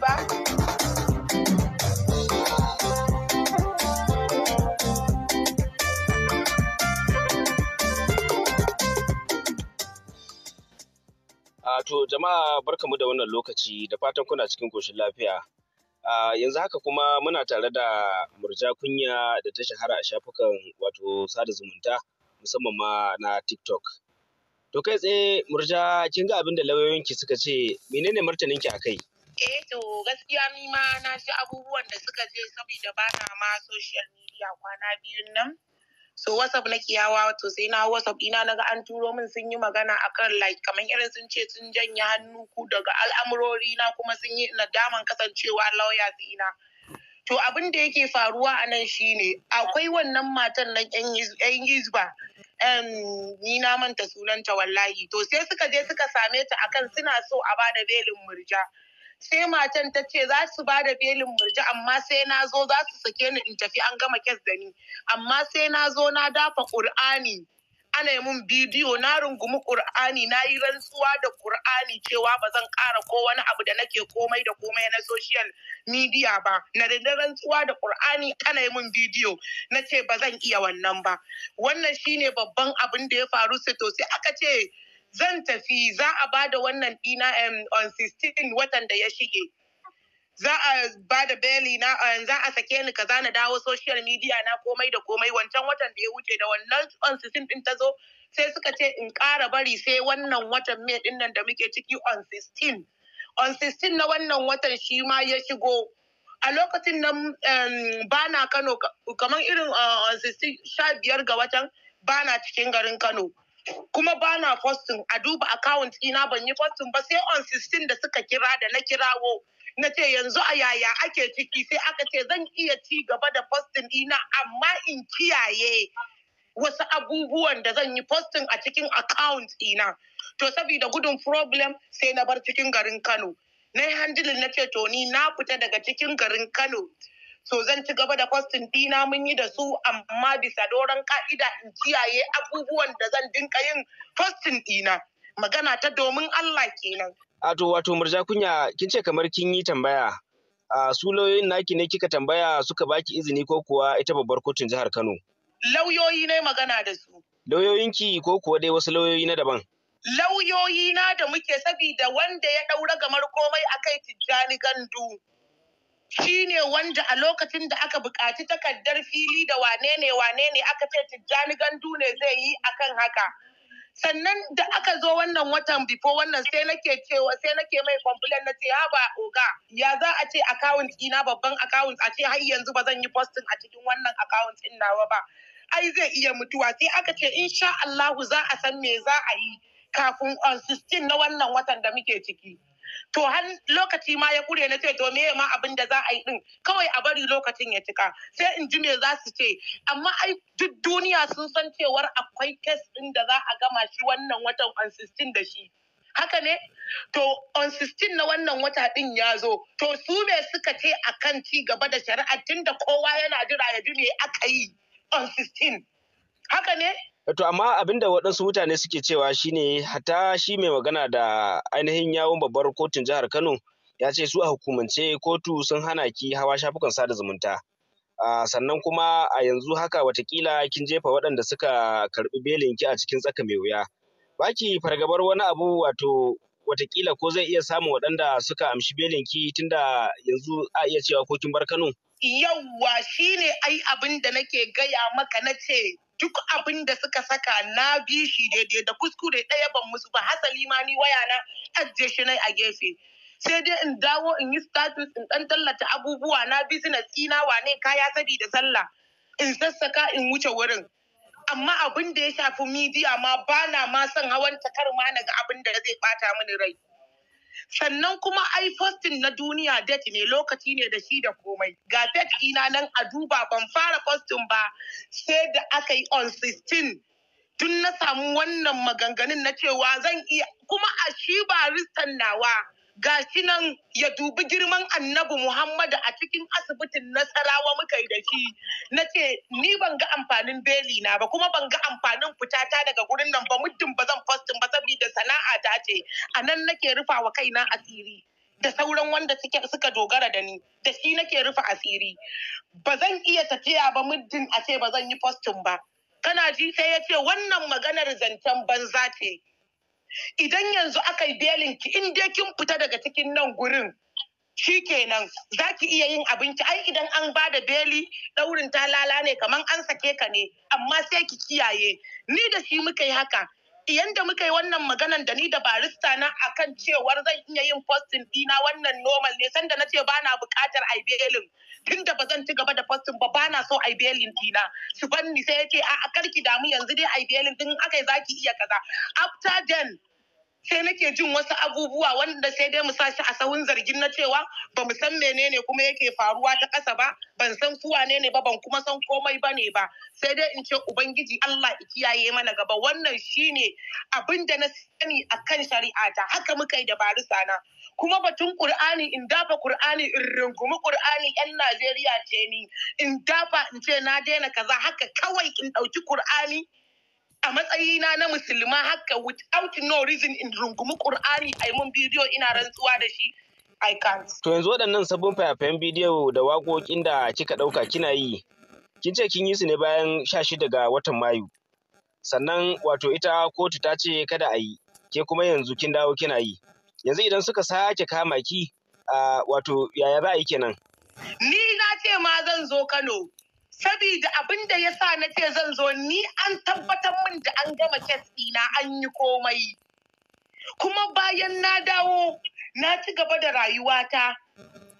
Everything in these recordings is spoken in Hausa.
ba ah, to jama'a barka mu da wannan lokaci da fatan kuna cikin koshin lafiya ah, yanzu haka kuma muna tare da murja kunya da ta shahara a shafukan wato sada zumunta musamman ma na tiktok to kai tsaye murja kin ga abin da lauyoyinki suka ce menene martaninki a kai Eh to gaskiya ni ma na ji abubuwan da suka je saboda ba na ma social media kwana biyun nan. So WhatsApp na kiyawa to sai na WhatsApp ina naga an turo min sun yi magana akan like kamar irin sun ce sun janye hannu ku daga al'amurori na kuma sun yi nadaman kasancewa lauya ina. To abin da yake faruwa a nan shine akwai wannan matan nan yan Yizba ni na manta sunanta wallahi to sai suka je suka same ta akan suna so a bada belin murja. sai matan ta ce za su ba da belin murji amma sai na zo za su sake ni in tafi an gama kes da ni amma sai na zo na dafa ƙur'ani ana yi mun bidiyo na rungumi ƙur'ani na yi rantsuwa da ƙur'ani cewa ba zan ƙara ko wani abu da nake komai da komai na social media ba na da rantsuwa da ƙur'ani ana yi mun bidiyo na ce ba zan iya wannan ba wannan shine babban abin da ya faru sai to sai aka ce zan tafi za a ba da wannan ɗina on 16 watan da ya shige za a ba da beli na za a sake ni kaza na dawo social media na komai da komai wancan watan da ya wuce da wannan on 16 din ta zo sai suka ce in ƙara bari sai wannan watan mai din nan da muke ciki on 16 on 16 na wannan watan shi ma ya shigo a lokacin nan bana kano kamar irin eh, on 16 sha biyar ga watan bana cikin garin kano kuma ba na fostin a duba akawunt ina ban yi fostin ba sai on 16 da suka kira da na kirawo na ce yanzu a yaya ake ciki sai aka ce zan iya ci gaba da fostin ina amma in kiyaye wasu abubuwan da zan yi fostin a cikin akawunt ina to saboda gudun problem sai na bar cikin garin Kano na yi handilin na ce to ni na fita daga cikin garin Kano so zan ci gaba da kwastin dina mun yi da su amma bisa doron ka'ida in kiyaye abubuwan da zan dinka yin kwastin dina magana ta domin Allah kenan a to wato murja kunya kin ce kamar kin yi tambaya a su lauyoyin naki ne kika tambaya suka baki izini ko kuwa ita babbar kotun jihar Kano lauyoyi ne magana da su lauyoyinki ko kuwa dai wasu lauyoyi na daban lauyoyi na da muke sabida wanda ya ɗaura gamar komai a kai tijjani gandu Shi ne wanda a lokacin da aka buƙaci takardar fili da wane ne wane ne aka ce tijjani gandu ne zai yi akan haka sannan da aka zo wannan watan bifo wannan sai nake cewa sai nake mai complain na ce ba oga ya za a ce account ina babban account a ce har yanzu ba zan yi posting a cikin wannan account din nawa ba ai zai iya mutuwa sai aka ce insha Allahu za a san me za a yi kafin on 16 na wannan watan da muke ciki to har lokaci ma ya kure na ce to me ma abin da za a yi din kawai a bari lokacin ya cika sai in ji me za su ce amma ai duk duniya sun san cewar akwai kes din da za a gama shi wannan watan on 16 da shi haka ne to on 16 na wannan wata din ya zo to su me suka ce a kan ci gaba da shari'a tunda kowa yana jira ya ji me aka yi on 16 haka ne To amma abin da waɗansu mutane suke cewa shine hata shi mai magana da ainihin yawon babbar kotun jihar Kano ya ce su a hukumance kotu sun hana ki hawa shafukan sada zumunta. sannan kuma a yanzu haka watakila kin jefa waɗanda suka karɓi belin ki a cikin tsaka mai wuya. Baki fargabar wani abu wato watakila ko zai iya samun waɗanda suka amshi belin ki tunda yanzu a iya cewa ko kin bar Kano. Yawwa shine ai abin da nake gaya maka na ce duk abin da suka saka na bi shi daidai da kuskure ɗaya ban musu ba hasali ma ni waya na ajiye shi nai a gefe sai dai in dawo in yi status in ɗan tallata abubuwa na business ina wane kaya sabida sallah in sassaka in wuce wurin amma abin da ya shafi midiya ma bana ma son hawan takar ma na abin da zai bata mini rai sannan kuma ai fostin na duniya det ne lokaci ne da shi da komai ga date ina nan a duba ban fara fostin ba sai da aka yi on 16 tun na samu wannan maganganun na cewa zan iya kuma a shi baristan nawa ga shi nan ya dubi girman annabi Muhammadu a cikin asibitin nasarawa muka yi da shi na ce ni ban ga amfanin beli na ba kuma ban ga amfanin fitata daga gurin nan ba muddin ba zan fastin ba saboda sana'a ta ce a nan nake rufa wa kaina asiri da sauran wanda suka dogara da ni da shi nake rufa asiri ba zan iya tafiya ba muddin a ce ba zan yi fastin ba kana ji sai ya ce wannan maganar zancen banza ce idan yanzu aka yi belin ki in dai kin fita daga cikin nan gurin shikenan za ki iya yin abinci ai idan an ba da beli daurin ta ne kaman an sake ka ne amma sai ki kiyaye ni da shi muka yi haka yanda muka yi wannan maganan da ni da barista na akan cewar zan iya yin posting dina wannan normal ne sanda na ce ba na bukatar ibelin tun da ba zan ci gaba da posting ba ba na so ibelin dina su banni sai ya ce a karki damu yanzu dai ai belin din aka yi zaki iya kaza after then sai nake jin wasu abubuwa wanda sai dai mu sashi a sahun zargin na cewa ba mu san menene kuma yake faruwa ta ƙasa ba ban san kuwa ne ba ban kuma san komai ba ne ba sai dai in ce ubangiji Allah ya kiyaye mana gaba wannan shine abin da na sani akan shari'a ta haka muka yi dabaru sana kuma batun Qur'ani in dafa Qur'ani in rungumi Qur'ani yan Najeriya ce ni in dafa in ce na daina kaza haka kawai in ɗauki Qur'ani a matsayina na musulma haka without no reason in rungumi Kur'ani, a mun bidiyo ina rantsuwa da shi I can't. To yanzu waɗannan sabbin fayafayen bidiyo da waƙoƙin da kika ɗauka kina yi, kin ce kin yi su ne bayan sha shida ga watan Mayu. Sannan wato ita kotu ta ce kada a yi, ke kuma yanzu kin dawo kina yi. Yanzu idan suka sake kama ki, wato yaya za a yi kenan? Ni na ce ma zan zo Kano, Sabida abin da ya sa na ce zan zo ni an tabbatar min da an gama kes ɗina an yi komai. Kuma bayan na dawo na ci gaba da rayuwata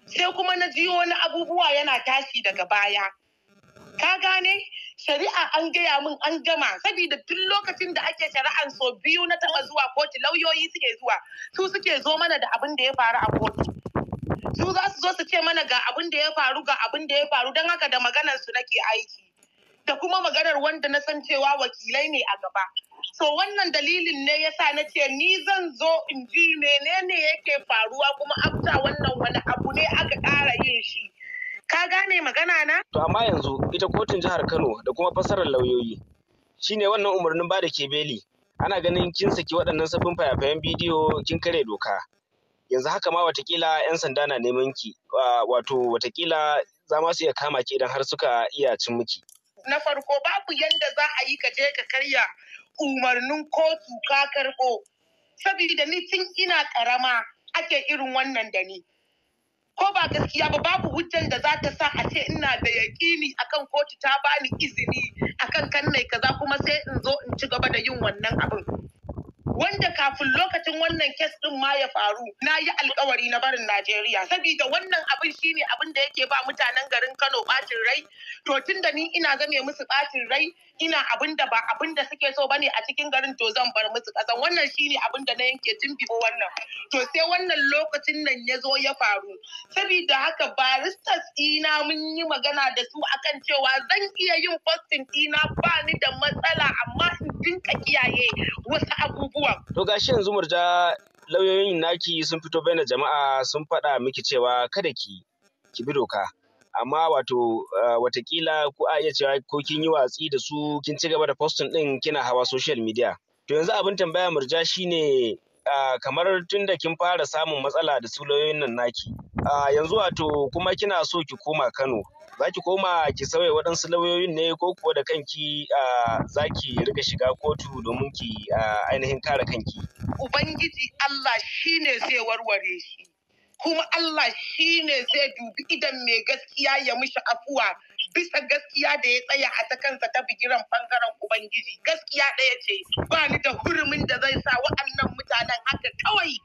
sai kuma na ji wani abubuwa yana tashi daga baya. Ka gane? Shari'a an gaya min an gama sabida tun lokacin da ake shari'an so biyu na taɓa zuwa kotu lauyoyi suke zuwa su suke zo mana da abin da ya faru a kotu. su za su zo su ce mana ga abin da ya faru ga abin da ya faru don haka da maganar su nake aiki da kuma maganar wanda na san cewa wakilai ne a gaba so wannan dalilin ne yasa na ce ni zan zo in ji menene yake faruwa kuma afta wannan wani abu ne aka ƙara yin shi ka gane magana na to amma yanzu ita kotun jihar Kano da kuma fasarar lauyoyi shine wannan umarnin ba da ke beli ana ganin kin saki waɗannan sabbin fayafayen bidiyo kin kare doka yanzu haka ma watakila 'yan sanda na neman ki wato watakila za ma su iya kama ki idan har suka iya cin miki. Na farko babu yanda za a yi ka je ka karya umarnin kotu ka karɓo. Saboda ni tun ina ƙarama ake irin wannan da ni. Ko ba gaskiya ba babu hujjan da za ta sa a ce ina da yaƙini akan kotu ta bani izini akan kan kaza kuma sai in zo in ci gaba da yin wannan abin. wanda kafin lokacin wannan kes din ma ya faru na yi alkawari na barin Najeriya saboda wannan abin shine abin da yake ba mutanen garin Kano bacin rai to tunda ni ina zame musu bacin rai ina abin da ba abin da suke so bane a cikin garin to zan bar musu kasan wannan shine abin da na yanke tun bibo wannan to sai wannan lokacin nan ya zo ya faru saboda haka baristas ina mun yi magana da su akan cewa zan iya yin posting ina ba ni da matsala amma dinka kiyaye wasu abubuwan. To gashi yanzu murja lauyoyin naki sun fito bayan jama'a sun faɗa miki cewa kada ki ki bi doka. amma wato eh, watakila ko a iya cewa ko kin yi watsi da su kin ci gaba da postin ɗin kina hawa social media to yanzu abin tambaya murja shine eh, kamar tunda kin fara samun matsala da su nan naki eh, yanzu wato kuma kina so ki koma Kano za ki koma ki sauya waɗansu lauyoyin ne ko kuwa da kanki za ki rika shiga kotu domin ki ainihin kare kanki? Ubangiji Allah shi ne zai warware shi, kuma Allah shi ne zai dubi idan mai gaskiya ya mishi afuwa bisa gaskiya da ya tsaya a ta kansa ta bigiran bangaren Ubangiji. Gaskiya ɗaya ce, ba ni da hurumin da zai sa wa'annan mutanen haka kawai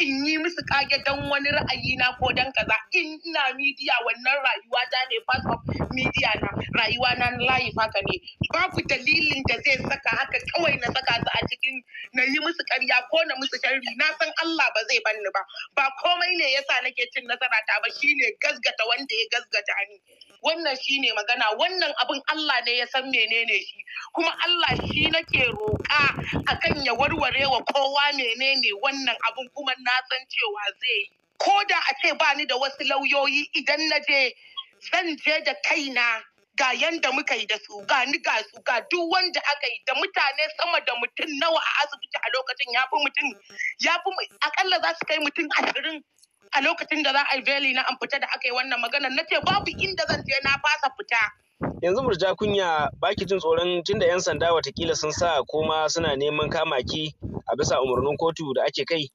in yi musu kage don wani ra'ayi na ko don kaza in ina midiya wannan rayuwa ta ne part of midiya na rayuwa na layi haka ne babu dalilin da zai saka haka kawai na saka su a cikin na yi musu karya ko na musu sharri na san Allah ba zai banni ba ba komai ne yasa nake cin nasara ta ba shine gasgata wanda ya gasgata ni wannan shine magana wannan abin Allah ne ya san menene shi kuma Allah shi nake roƙa akan ya warware wa kowa menene wannan abin kuma na na san cewa zai yi ko da a ce ba ni da wasu lauyoyi idan na je zan je da kaina ga yanda muka yi da su ga ni ga su ga duk wanda aka yi da mutane sama da mutum nawa a asibiti a lokacin ya fi mutum ya fi akalla za su kai mutum ashirin a lokacin da za a veli na an fita da aka yi wannan magana na ce babu inda zan je na fasa fita yanzu murja kunya baki jin tsoron tunda yan sanda watakila sun sa koma suna neman kama ki a bisa umarnin kotu da ake kai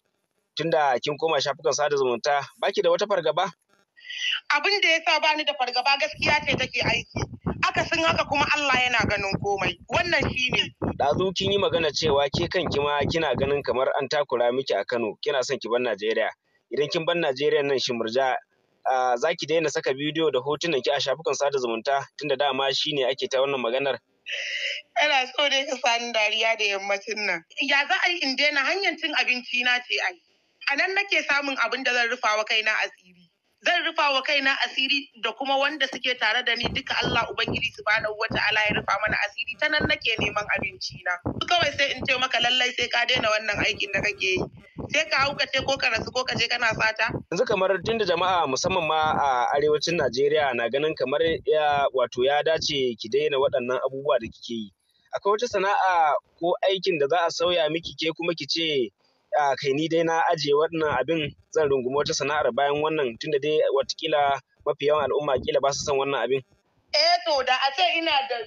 tunda kin koma shafukan sada zumunta baki da wata fargaba abin da ya sa bani da fargaba gaskiya ce take aiki aka sun haka kuma Allah yana ganin komai wannan shine dazu kin yi magana cewa ke kanki ma kina ganin kamar an takura miki a Kano kina son ki ban Najeriya idan kin bar Najeriya nan shi murja za daina saka bidiyo da hotunan ki a shafukan sada zumunta tunda dama shine ake ta wannan maganar Ina so dai ka sani dariya da yammacin nan. Ya za a yi in daina hanyar cin abinci na ce ai. a nan nake samun abin da zan rufa wa kaina asiri zan rufa wa kaina asiri da kuma wanda suke tare da ni duka Allah ubangiji subhanahu Ala ya rufa mana asiri ta nan nake neman abinci na kawai sai in ce maka lallai sai ka daina wannan aikin da kake yi sai ka haukace ko ka rasu ko ka je kana sata yanzu kamar tunda jama'a musamman ma a arewacin Najeriya na ganin kamar ya wato ya dace ki daina waɗannan abubuwa da kike yi akwai wata sana'a ko aikin da za a sauya miki ke kuma ki ce kai ni dai na ajiye wannan abin zan rungumi wata sana'ar bayan wannan tunda dai watakila mafi yawan al'umma kila ba su son wannan abin. Eh to da a ce ina da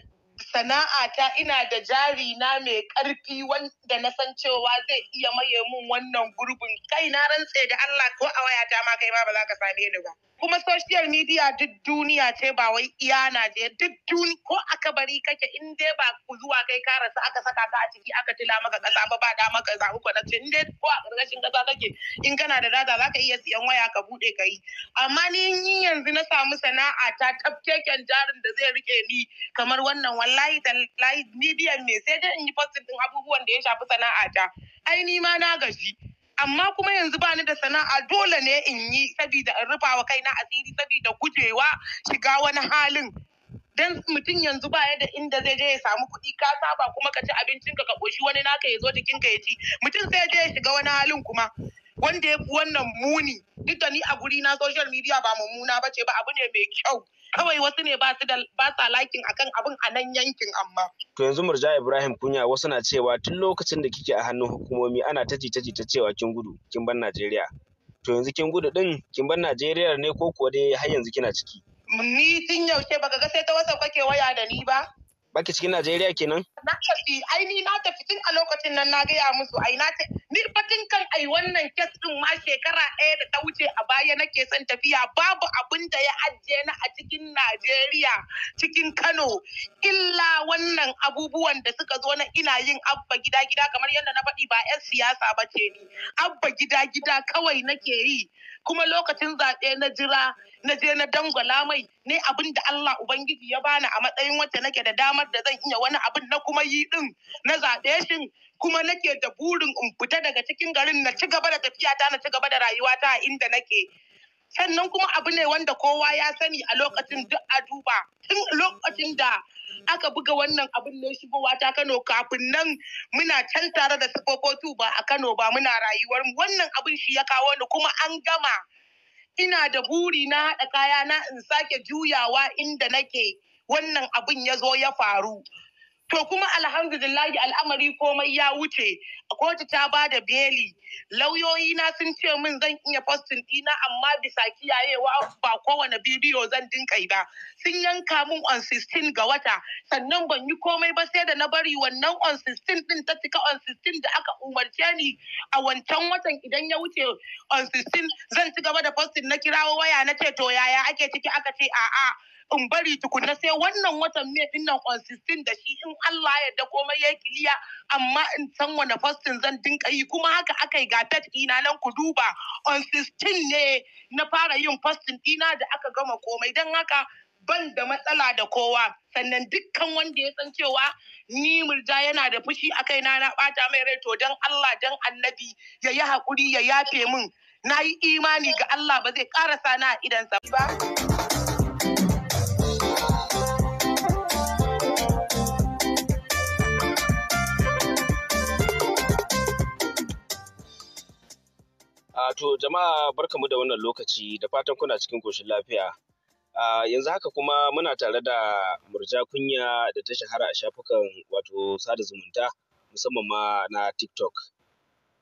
sana'ata ina da jari na mai karfi wanda na san cewa zai iya maye mun wannan gurbin kai na rantse da Allah ko a wayata ma kai ma ba za ka same ni ba kuma social media duk duniya ce ba wai iya na je duk duni ko aka bari kake in dai ba ku zuwa kai ka rasu aka saka ka a ciki aka tila maka kasa ba ba da maka zabu ko in dai ko a karkashin kaza kake in kana da data ka iya siyan waya ka bude kai amma ni yanzu na samu sana'a ta tafkeken jarin da zai rike ni kamar wannan wallahi wallahi tallahi ni biyan me sai dai in yi posting din abubuwan da ya shafi sana'a ta ai ni ma na gaji amma kuma yanzu bani da sana'a dole ne in yi saboda in rufa wa kaina asiri saboda gujewa shiga wani halin dan mutum yanzu baya da inda zai je ya samu kuɗi ka saba kuma ka ci abincin ka koshi wani naka ya zo jikinka ya ci mutum sai je ya shiga wani halin kuma wanda ya fi wannan muni duk da ni a guri na social media ba mummuna ba ce ba abu ne mai kyau kawai wasu ne ba su da ba sa lakin akan abin a nan yankin amma to yanzu murja ibrahim kunya wasu na cewa tun lokacin da kike a hannun hukumomi ana ta jita jita cewa kin gudu kin bar najeriya to yanzu kin gudu din kin bar najeriya ne ko kuwa dai har yanzu kina ciki ni tun yaushe baka ga sai ta wasa kake waya da ni ba baki cikin najeriya kenan na tafi ai ni na tafi tun a lokacin nan na gaya musu ai na ce ni bakin kan ai wannan kes din ma shekara ɗaya da ta wuce a baya nake son tafiya babu abin da ya ajiye na a cikin Najeriya cikin Kano illa wannan abubuwan da suka zo na ina yin abba gida gida kamar yadda na faɗi ba 'yan siyasa ba ce ni abba gida gida kawai nake yi kuma lokacin zaɓe na jira na je na dangwala mai ne abin da Allah Ubangiji ya bani a matsayin wacce nake da damar da zan iya wani abin na kuma yi din na zaɓe shi. kuma nake da burin in fita daga cikin garin na ci gaba da tafiya ta na ci gaba da rayuwa ta inda nake sannan kuma abu ne wanda kowa ya sani a lokacin duk a duba tun lokacin da aka buga wannan abin ne shigowa ta Kano kafin nan muna can tare da sifofotu ba a Kano ba muna rayuwar mu wannan abin shi ya kawo ni kuma an gama ina da buri na haɗa kaya na in sake juyawa inda nake wannan abin ya zo ya faru To kuma alhamdulillahi al'amari komai ya wuce, kotu ta ba da beli. Lauyoyi na sun ce min zan iya postin dina amma bisa kiyayewa ba kowane bidiyo zan dinka ba. Sun yanka min on 16 ga wata, sannan ban yi komai ba sai da na bari wannan on 16 din ta cika on 16 da aka umarce ni a wancan watan idan ya wuce on 16 zan ci gaba da postin na kirawo waya na ce to yaya ake ciki aka ce a'a. in bari tukunna sai wannan watan mai din nan on 16 da shi in Allah ya da komai ya kiliya amma in san wani fastin zan dinka yi kuma haka aka yi ga ina nan ku duba on 16 ne na fara yin fastin dina da aka gama komai dan haka ban da matsala da kowa sannan dukkan wanda ya san cewa ni murja yana da fushi a kaina na bata mai rai to don Allah dan annabi ya yi hakuri ya yafe min na yi imani ga Allah ba zai sani na idansa ba. To jama'a barkamu da wannan lokaci da fatan kuna cikin koshin lafiya. yanzu haka kuma muna tare da murja kunya da ta shahara a shafukan wato sada zumunta musamman ma na TikTok.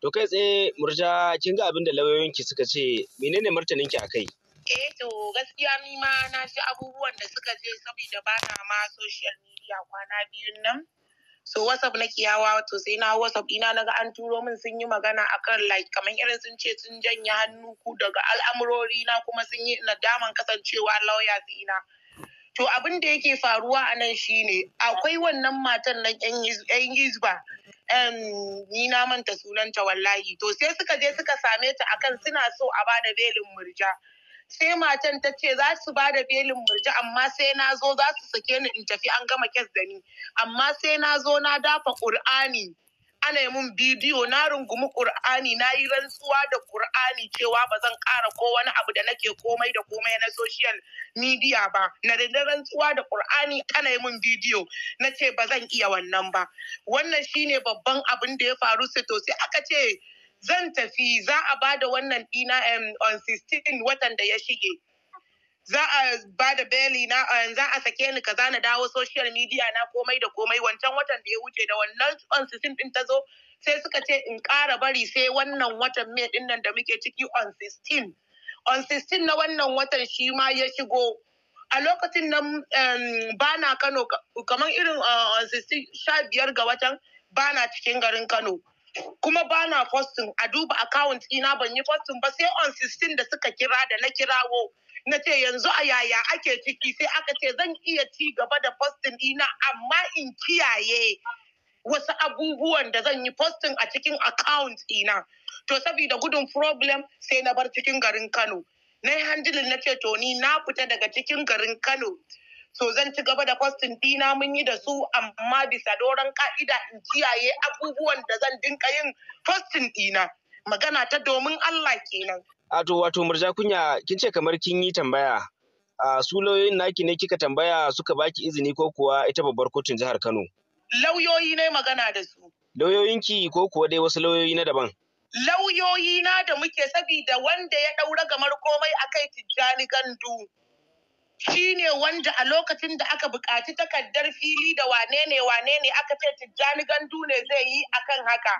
To kai tsaye murja kin ga abin da lauyoyinki suka ce menene martaninki a kai? Eh to gaskiya ni ma na ji abubuwan da suka je saboda ba na ma social media kwana biyun nan. so whatsapp na kiyawa to sai na whatsapp ina naga an turo min sun yi magana akan like kamar irin sun ce sun janye hannu ku daga al'amurori na kuma sun yi nadaman kasancewa lauya ina to abin da yake faruwa a nan shine akwai wannan matan na yan yizba ni na manta sunanta wallahi to sai suka je suka same ta akan suna so a bada belin murja sai matan ta ce za su ba da belin murji amma sai na zo za su sake ni in tafi an gama kes da ni amma sai na zo na dafa ƙur'ani ana yi mun bidiyo na rungumi ƙur'ani na yi rantsuwa da ƙur'ani cewa ba zan ƙara ko wani abu da nake komai da komai na social media ba na da rantsuwa da ƙur'ani ana yi mun bidiyo na ce ba zan iya wannan ba wannan shine babban abin da ya faru sai to sai aka ce zan tafi za a ba da wannan ɗina on 16 watan da ya shige za a ba da beli na za a sake ni kaza na dawo social media na komai da komai wancan watan da ya wuce da wannan on 16 din ta zo sai suka ce in ƙara bari sai wannan watan mai din nan da muke ciki on 16 on 16 na wannan watan shi ma ya shigo a lokacin nan ba na kano kamar irin eh, on 16 sha biyar ga watan ba na cikin garin kano kuma ba na fostin a duba account ina ban yi fostin ba sai on 16 da suka kira da na kirawo na ce yanzu a yaya ake ciki sai aka ce zan iya ci gaba da fostin ina amma in kiyaye wasu abubuwan da zan yi fostin a cikin account ina to saboda gudun problem sai na bar cikin garin Kano na yi handilin na ce to ni na fita daga cikin garin Kano so zan ci gaba da kwastin dina mun yi da su amma bisa doron ka'ida in kiyaye abubuwan da zan dinka yin kwastin dina magana ta domin Allah kenan a to wato murja kunya kin ce kamar kin yi tambaya a su lauyoyin naki ne kika tambaya suka baki izini ko kuwa ita babbar kotun jihar Kano lauyoyi ne magana da su lauyoyinki ko kuwa dai wasu lauyoyi na daban lauyoyi na da muke sabida wanda ya ɗaura gamar komai akai tijjani gandu Shi ne wanda a lokacin da aka bukaci takardar fili da wane ne wane ne aka ce tijjani gandu ne zai yi akan haka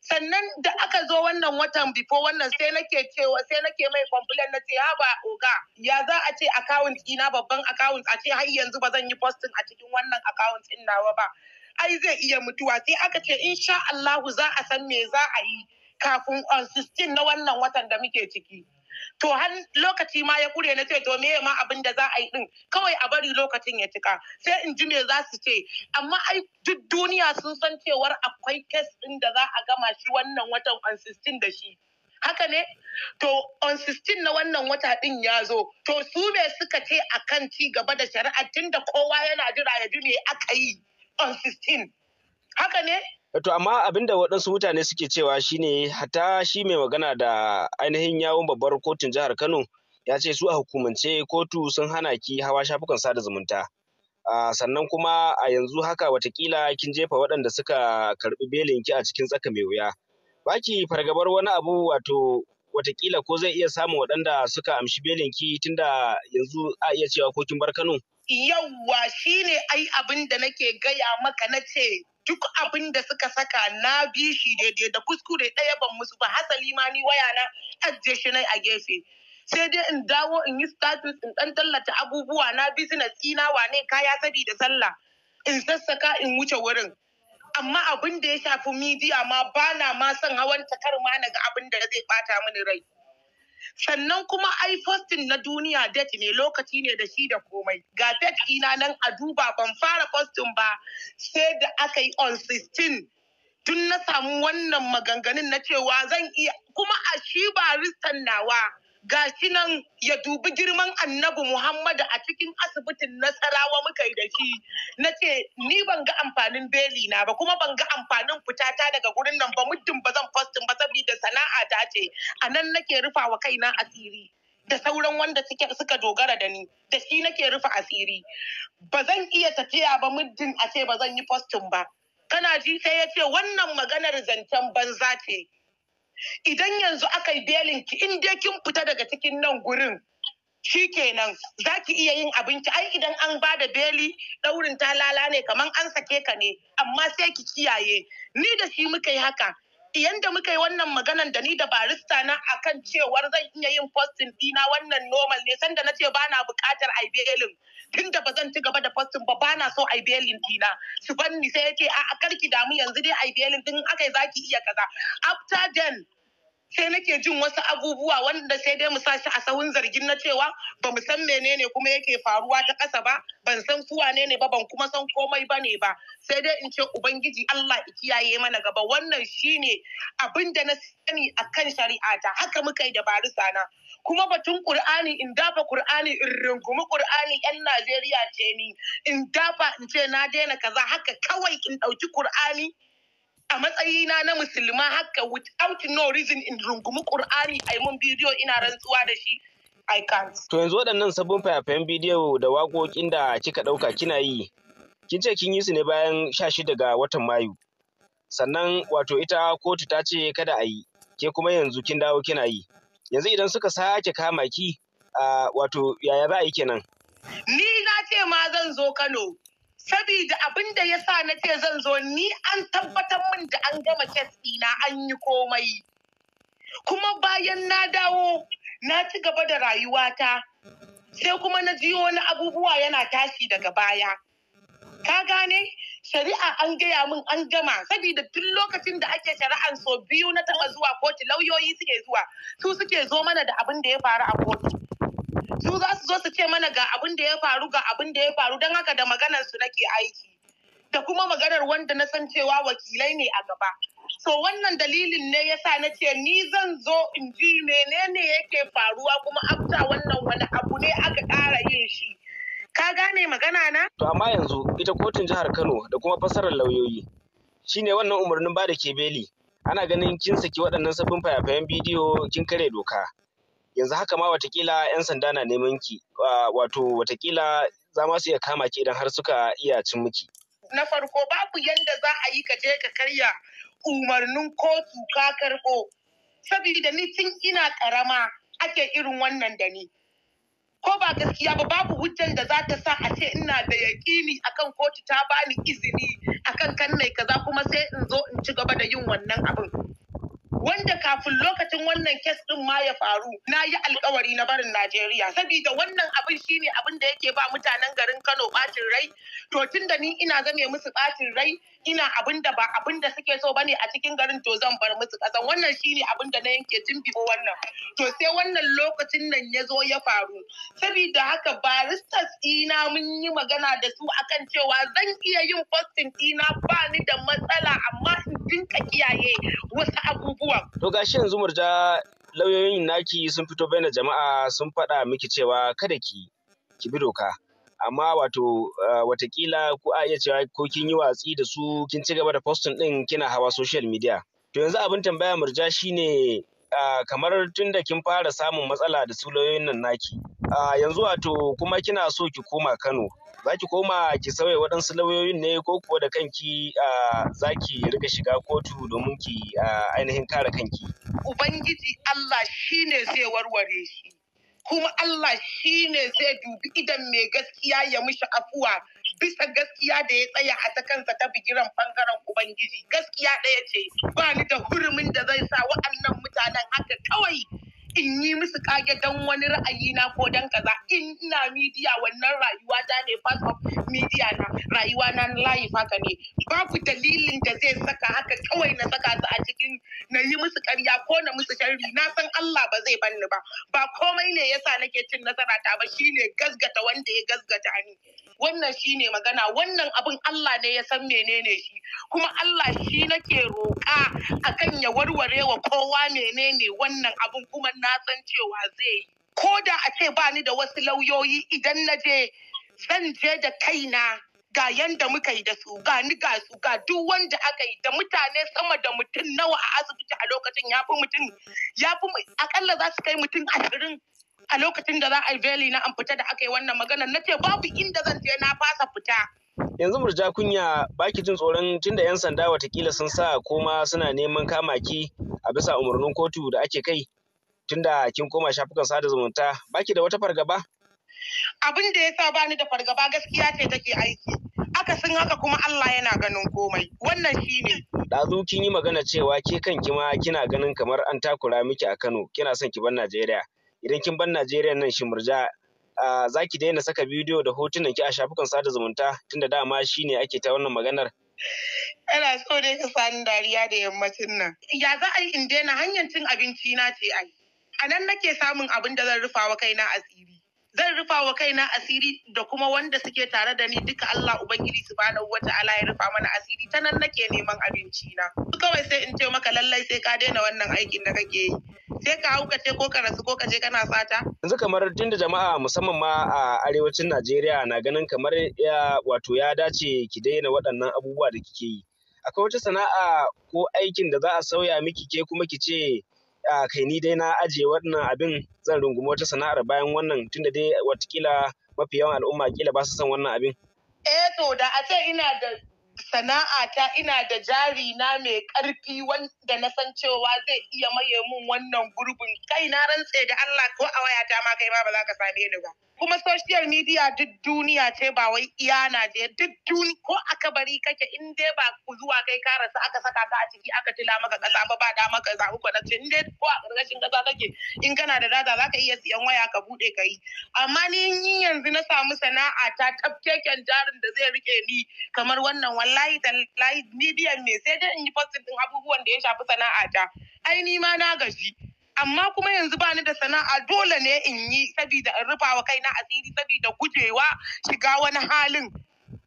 sannan da aka zo wannan watan bifo wannan sai nake cewa sai nake mai complain na ce ba oga ya za a ce akawun ina babban account a ce har yanzu ba zan yi posting a cikin wannan account din nawa ba ai zai iya mutuwa sai aka ce insha Allahu za a san me za a yi kafin on 16 na wannan watan da muke ciki to har lokaci ma ya kure na ce to me ma abin da za a yi din kawai a bari lokacin ya cika sai in ji me za su ce amma ai duk duniya sun san cewar akwai kes din da za a gama shi wannan watan on 16 da shi haka ne to on 16 na wannan wata din ya zo to su me suka ce akan ci gaba da shari'a tunda kowa yana jira ya ji me aka yi on 16 haka ne To amma abin da waɗansu mutane suke cewa shine hata shi mai magana da ainihin yawon babbar kotun jihar Kano ya ce su a hukumance kotu sun hana ki hawa shafukan sada zumunta. sannan kuma a yanzu haka watakila kin jefa waɗanda suka karɓi belin ki a cikin tsaka mai wuya. Baki fargabar wani abu wato watakila ko zai iya samun waɗanda suka amshi belin ki tunda yanzu a iya cewa ko kin bar Kano yauwa shine ai abin da nake gaya maka na ce duk abin da suka saka na bi shi daidai da kuskure ɗaya ban musu ba hasali ma ni waya na ajiye shi nai a gefe sai dai in dawo in yi status in ɗan tallata abubuwa na business ina wane kaya sabida sallah in sassaka in wuce wurin amma abin da ya shafi midiya ma ba na ma son hawan takar ma na abin da zai bata mini rai sannan kuma ai postin na duniya det ne lokaci ne da shi da komai ga tek ina nan a duba ban fara postin ba sai da aka yi on 16 tun na samu wannan maganganun na cewa zan iya kuma a shi ba baristan nawa ga shi nan ya dubi girman annabi Muhammadu a cikin asibitin nasarawa muka yi da shi na ce ni ban ga amfanin beli na ba kuma ban ga amfanin fitata daga gurin nan ba muddin ba zan fastin ba saboda sana'a ta ce a nan nake rufa wa kaina asiri da sauran wanda suka dogara da ni da shi nake rufa asiri ba zan iya tafiya ba muddin a ce ba zan yi fastin ba kana ji sai ya ce wannan maganar zancen banza ce idan yanzu aka yi belin ki in dai kin fita daga cikin nan gurin shi kenan za ki iya yin abinci ai idan an ba da beli ɗaurin lala ne kaman an sake ka ne amma sai ki kiyaye ni da shi muka yi haka Iyan da muka yi wannan maganan da ni da barista na akan cewar zan iya yin postin dina wannan normal ne sanda na ce bana bukatar ai belin tun da ba zan ci gaba da postin ba bana so ai belin dina su banni sai yace a karki damu yanzu dai ai belin din akai zaki iya kaza after then sai nake jin wasu abubuwa wanda sai dai mu sashi a sahun zargin na cewa ba mu san menene kuma yake faruwa ta ƙasa ba ban san su wane ne ba ban kuma san komai ba ne ba sai dai in ce ubangiji Allah ya kiyaye mana gaba wannan shine abin da na sani akan shari'a ta haka muka yi da barisa na kuma batun Kur'ani in dafa Kur'ani in rungumi Kur'ani yan Najeriya ce ni in dafa in ce na daina kaza haka kawai in ɗauki Kur'ani a matsayina na musulma haka without no reason in rungumi Qur'ani a mun bidiyo ina rantsuwa da shi I can't. To yanzu waɗannan sabbin fayafayen bidiyo da waƙoƙin da kika ɗauka kina yi, kin ce kin yi su ne bayan sha shida ga watan Mayu. Sannan wato ita kotu ta ce kada a yi, ke kuma yanzu kin dawo kina yi. Yanzu idan suka sake kama ki, wato yaya za a yi kenan? Ni na ce ma zan zo Kano, Sabida abin da ya sa na ce zan zo ni an tabbatar min da an gama kes ɗina an yi komai. Kuma bayan na dawo na ci gaba da rayuwata sai kuma na ji wani abubuwa yana tashi daga baya. Ka gane? Shari'a an gaya min an gama sabida tun lokacin da ake shari'an so biyu na taɓa zuwa kotu lauyoyi suke zuwa su suke zo mana da abin da ya faru a kotu. su za su zo su ce mana ga abin da ya faru ga abin da ya faru don haka da maganar su nake aiki da kuma maganar wanda na san cewa wakilai ne a gaba so wannan dalilin ne yasa na ce ni zan zo in ji menene yake faruwa kuma afta wannan wani abu ne aka ƙara yin shi ka gane magana na to amma yanzu ita kotun jihar Kano da kuma Fasarar lauyoyi shine wannan umarnin ba da ke beli ana ganin kin saki waɗannan sabbin fayafayen bidiyo kin kare doka yanzu haka ma watakila 'yan sanda na neman ki wato watakila za ma su iya kama ki idan har suka iya cin miki. Na farko babu yadda za a yi ka je ka karya umarnin kotu ka karɓo saboda ni tun ina ƙarama ake irin wannan da ni. Ko ba gaskiya ba babu hujjan da za ta sa a ce ina da yaƙini akan kotu ta bani izini akan kan kaza kuma sai in zo in ci gaba da yin wannan abin. wanda kafin lokacin wannan kes din ma ya faru na yi alkawari na barin Najeriya saboda wannan abin shine abin da yake ba mutanen garin Kano bacin rai to tunda ni ina game musu bacin rai ina abin da ba abin da suke so bane a cikin garin to zan bar musu kasan wannan shine abin da na yanke tun bibo wannan to sai wannan lokacin nan ya zo ya faru saboda haka baristas ina mun yi magana da su akan cewa zan iya yin posting ina ba ni da matsala amma in dinka kiyaye wasu abubuwan to gashi yanzu murja lauyoyin naki sun fito bayan jama'a sun faɗa miki cewa kada ki ki bi doka amma wato eh, watakila ko a iya cewa ko kin yi watsi da su kin ci gaba da posting ɗin kina hawa social media to yanzu abin tambaya murja shine eh, kamar tun da kin fara samun matsala da lauyoyin nan naki eh, yanzu wato kuma kina so ki koma Kano za ki koma ki sauya waɗansu lauyoyin ne ko kuwa da kanki za ki riga shiga kotu domin ki ainihin kare kanki. Ubangiji Allah shine ne zai warware shi. kuma Allah shi ne zai dubi idan mai gaskiya ya mishi afuwa bisa gaskiya da ya tsaya a ta kansa ta bigiran bangaren Ubangiji. Gaskiya ɗaya ce ba ni da hurumin da zai sa wa'annan mutanen haka kawai in yi musu kage don wani ra'ayi na ko don kaza in ina midiya wannan rayuwa ta ne part of midiya na rayuwa na layi haka ne babu dalilin da zai saka haka kawai na saka su a cikin na yi musu karya ko na musu sharri na san Allah ba zai banni ba ba komai ne yasa nake cin nasara ta ba shine gasgata wanda ya gasgata ni wannan shi ne magana wannan abin Allah ne ya san menene shi kuma Allah shi nake roƙa akan ya warware wa kowa menene wannan abin kuma na san cewa zai yi ko da a ce ba ni da wasu lauyoyi idan na je zan je da kaina ga yanda muka yi da su ga ni ga su ga duk wanda aka yi da mutane sama da mutum nawa a asibiti a lokacin ya fi mutum ya fi akalla za su kai mutum ashirin a lokacin da za a yi veli na an fita da aka yi wannan magana na ce babu inda zan je na fasa fita yanzu murja kunya baki jin tsoron tunda yan sanda watakila sun sa koma suna neman kama a bisa umarnin kotu da ake kai tunda kin koma shafukan sada zumunta baki da wata fargaba abin da ya sa bani da fargaba gaskiya ce take aiki akasin haka kuma Allah yana ganin komai wannan shine ɗazu kin yi magana cewa ke kan kima kina ganin kamar an takura miki a Kano kina son ki bar Najeriya idan kin bar Najeriya nan shimurja za ki daina saka bidiyo da hotunan ki a shafukan sada zumunta tunda dama shine ake ta wannan maganar. Ana so dai ka sani dariya da yammacin nan. Ya za a yi in daina hanyar cin abinci na ce ai. A nan nake samun abin da zan rufa wa kaina asiri. zan rufa wa kaina asiri da kuma wanda suke tare da ni duka Allah Ubangiji subhanahu wa ta'ala ya rufa mana asiri ta nan nake neman abinci na kawai sai in ce maka lallai sai ka daina wannan aikin da kake yi sai ka ce ko ka rasu ko ka je kana sata yanzu kamar tunda jama'a musamman ma a arewacin Najeriya na ganin kamar ya wato ya dace ki daina waɗannan abubuwa da kike yi akwai wata sana'a ko aikin da za a sauya miki ke kuma ki ce kai ni dai na ajiye wannan abin zan rungumi wata sana'ar bayan wannan tunda dai watakila mafi yawan al'umma kila ba su son wannan abin. Eh to da a ce ina da sana'a ta ina da jari na mai karfi wanda na san cewa zai iya maye mun wannan gurbin kai na rantse da Allah ko a wayata ma kai ma ba za ka same ni ba kuma social media duk duniya ce ba wai iya na je duk duniya ko aka bari kake in dai ba ku zuwa kai ka rasa aka saka ka a ciki aka tila maka kasa ba ba dama ka zaɓi ce in dai ko a ƙarƙashin kasa kake in kana da data za ka iya siyan waya ka buɗe ka yi amma ni yanzu na samu sana'a ta tafkeken jarin da zai rike ni kamar wannan wallahi tallahi ni biyan me sai dai in yi posting din abubuwan da ya shafi sana'a ta ai ni ma na gaji amma kuma yanzu bani da sana'a dole ne in yi saboda in rufa wa kaina asiri saboda gujewa shiga wani halin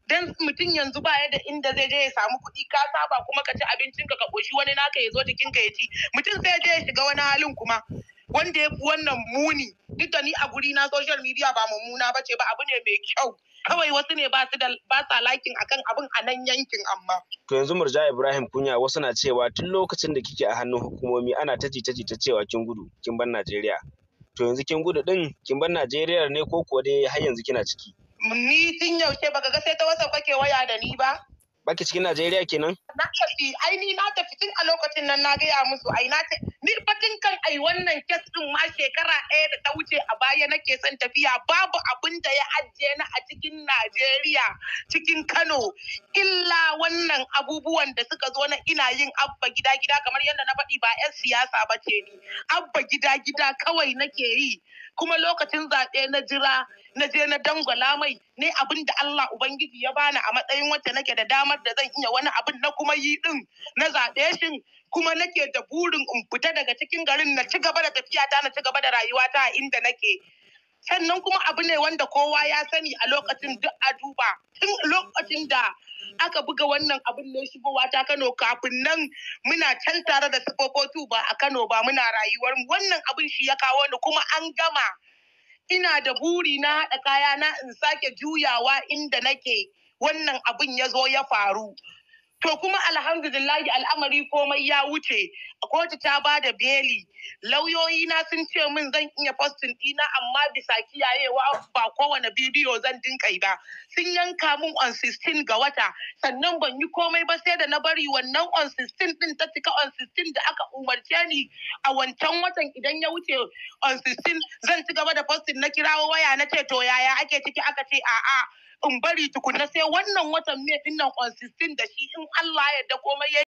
dan mutum yanzu ba da inda zai je ya samu kuɗi ka saba kuma ka ci abincin ka ka koshi wani naka ya zo jikinka ya ci mutum sai je ya shiga wani halin kuma wanda ya fi wannan muni duk da ni a guri na social media ba mummuna ba ce ba abu ne mai kyau kawai wasu ne ba su da ba sa lakin akan abin a nan yankin amma to yanzu murja ibrahim kunya wasu na cewa tun lokacin da kike a hannun hukumomi ana ta jita ta cewa kin gudu kin bar najeriya to yanzu kin gudu din kin bar najeriya ne ko kuwa dai har yanzu kina ciki ni tun yaushe baka ga sai ta wasa kake waya da ni ba Baki cikin Najeriya kenan? Na tafi, ai ni na tafi tun a lokacin nan na gaya musu ai na Ni fatin kan ai wannan kes din ma shekara ɗaya da ta wuce a baya nake son tafiya babu abin da ya ajiye na a cikin Najeriya cikin Kano illa wannan abubuwan da suka zo na ina yin abba gida gida kamar yadda na faɗi ba 'yan siyasa ba ce ni. Abba gida gida kawai nake yi kuma lokacin zaɓe na jira na je na dangwala mai ne abin da Allah Ubangiji ya bani a matsayin wacce nake da damar da zan iya wani abin na kuma yi din na zaɓe shi kuma nake da burin in fita daga cikin garin na ci gaba da tafiya ta na ci gaba da rayuwa ta inda nake sannan kuma abu ne wanda kowa ya sani a lokacin duk a duba tun lokacin da aka buga wannan abin ne shigowa ta Kano kafin nan muna can tare da sufofotu ba a Kano ba muna rayuwar wannan abin shi ya kawo ni kuma an gama ina da buri na haɗa kayana in sake juyawa inda nake wannan abin ya zo ya faru To kuma alhamdulillahi al'amari komai ya wuce, kotu ta ba da beli. Lauyoyi na sun ce min zan iya postin dina amma bisa kiyayewa ba kowane bidiyo zan dinka ba. Sun yanka min on 16 ga wata, sannan ban yi komai ba sai da na bari wannan on 16 din ta cika on 16 da aka umarce ni a wancan watan idan ya wuce on 16 zan ci gaba da postin na kirawo waya na ce to yaya ake ciki aka ce a'a. in bari tukunna sai wannan watan mai dinnan on da shi in Allah ya da komai ya